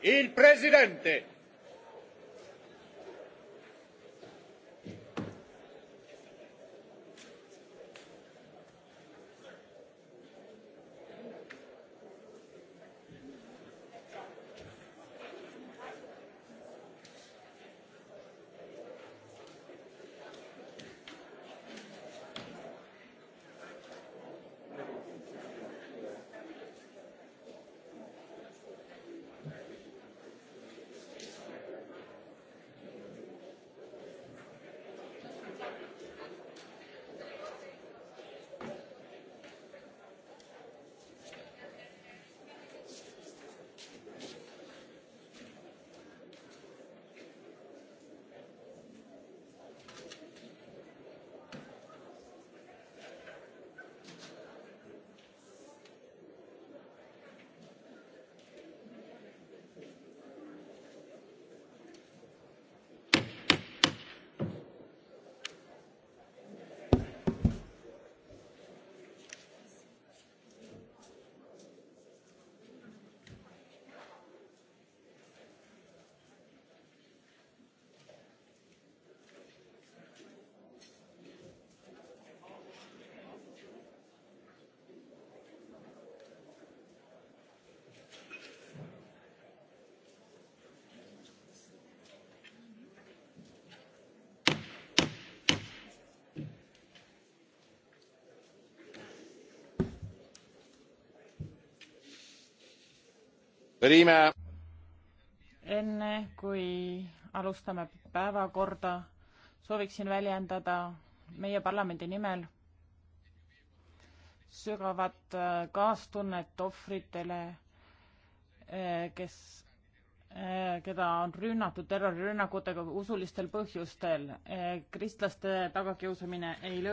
il presidente Prima. enne kui alustame päevakorda, sooviksin väljendada meie parlamendi nimel sügavat äh, kaastunnet ohvritele, äh, kes, äh, keda on rünnatud terrorirünnakutega usulistel põhjustel. kristlaste tagakiusamine ei lõpe.